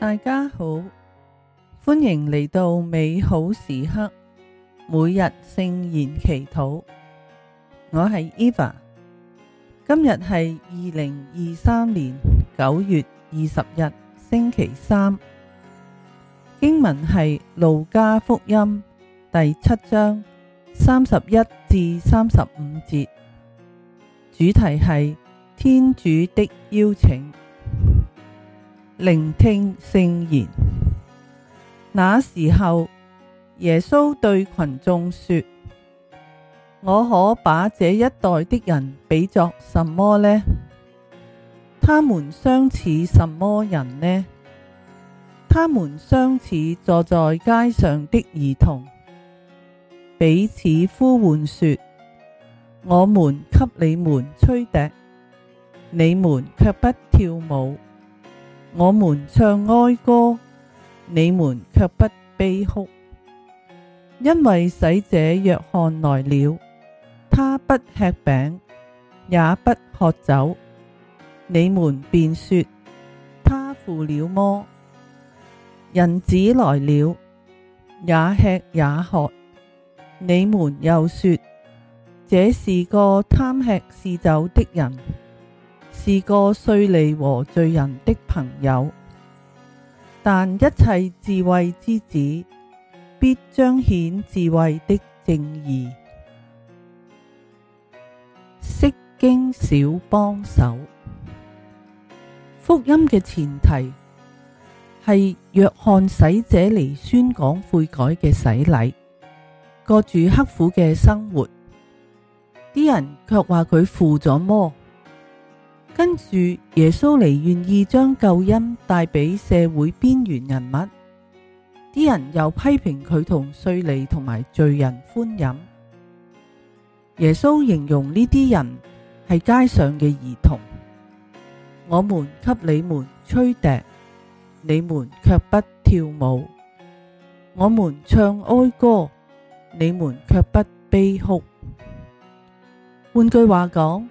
大家好，歡迎嚟到美好時刻每日聖言祈禱。我係 Eva，今日係二零二三年九月二十日星期三。經文係路加福音第七章三十一至三十五節，主題係天主的邀請。聆聽聖言。那時候，耶穌對群眾說：我可把這一代的人比作什麼呢？他們相似什麼人呢？他們相似坐在街上的兒童，彼此呼喚說：我們給你們吹笛，你們卻不跳舞。我們唱哀歌，你們卻不悲哭，因為洗者若翰來了，他不吃餅，也不喝酒，你們便說他附了魔。人子來了，也吃也喝，你們又說這是個貪吃嗜酒的人。是個稅吏和罪人的朋友，但一切智慧之子必彰顯智慧的正義。釋經小幫手，福音嘅前提係若翰洗者嚟宣講悔改嘅洗禮，過住刻苦嘅生活，啲人卻話佢附咗魔。跟住耶穌嚟，願意將救恩帶俾社會邊緣人物啲人，又批評佢同稅吏同埋罪人歡飲。耶穌形容呢啲人係街上嘅兒童，我們給你們吹笛，你們卻不跳舞；我們唱哀歌，你們卻不悲哭。換句話講，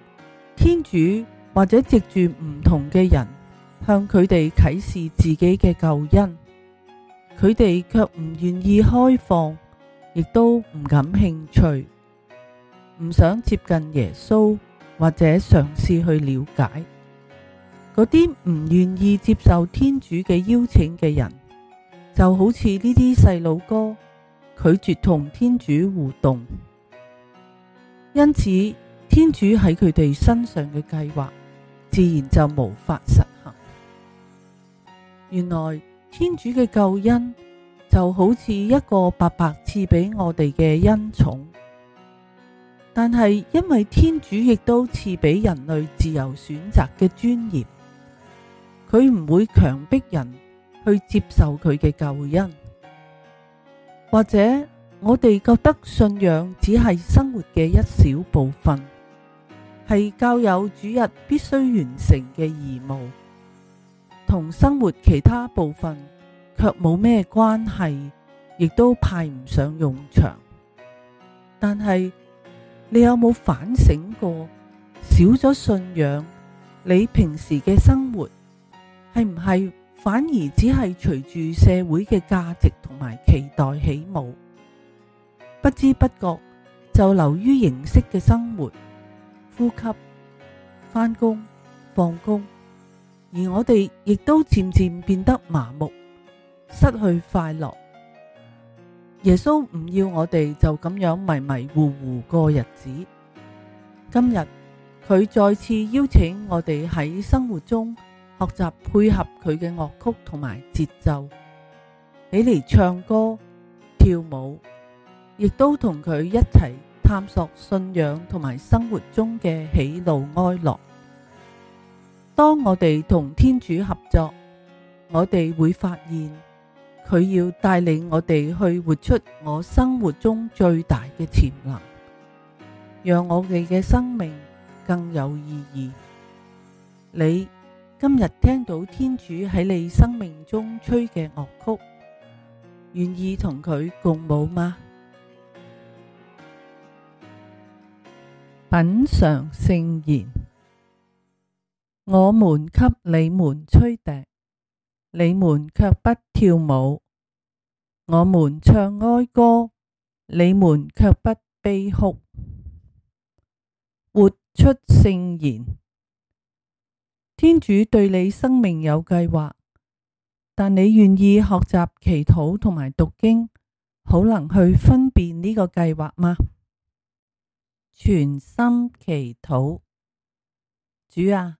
天主。或者藉住唔同嘅人向佢哋啟示自己嘅救恩，佢哋卻唔願意開放，亦都唔感興趣，唔想接近耶穌，或者嘗試去了解。嗰啲唔願意接受天主嘅邀請嘅人，就好似呢啲細路哥拒絕同天主互動，因此天主喺佢哋身上嘅計劃。自然就無法實行。原來天主嘅救恩就好似一個白白賜俾我哋嘅恩寵，但係因為天主亦都賜俾人類自由選擇嘅尊嚴，佢唔會強迫人去接受佢嘅救恩，或者我哋覺得信仰只係生活嘅一小部分。係教友主日必須完成嘅義務，同生活其他部分卻冇咩關係，亦都派唔上用場。但係你有冇反省過，少咗信仰，你平時嘅生活係唔係反而只係隨住社會嘅價值同埋期待起舞，不知不覺就流於形式嘅生活？呼吸、翻工、放工，而我哋亦都漸漸變得麻木，失去快樂。耶穌唔要我哋就咁樣迷迷糊糊過日子。今日佢再次邀請我哋喺生活中學習配合佢嘅樂曲同埋節奏，起嚟唱歌、跳舞，亦都同佢一齊。探索信仰同埋生活中嘅喜怒哀樂。當我哋同天主合作，我哋會發現佢要帶領我哋去活出我生活中最大嘅潛能，讓我哋嘅生命更有意義。你今日聽到天主喺你生命中吹嘅樂曲，願意同佢共舞嗎？品嚐聖言，我們給你們吹笛，你們卻不跳舞；我們唱哀歌，你們卻不悲哭。活出聖言，天主對你生命有計劃，但你願意學習祈禱同埋讀經，好能去分辨呢個計劃嗎？全心祈禱，主啊，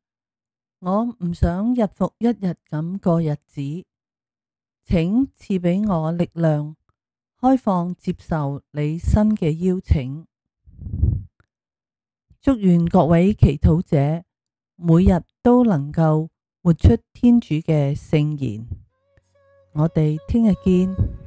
我唔想日復一日咁過日子，請賜畀我力量，開放接受你新嘅邀請。祝願各位祈禱者每日都能夠活出天主嘅聖言。我哋聽日見。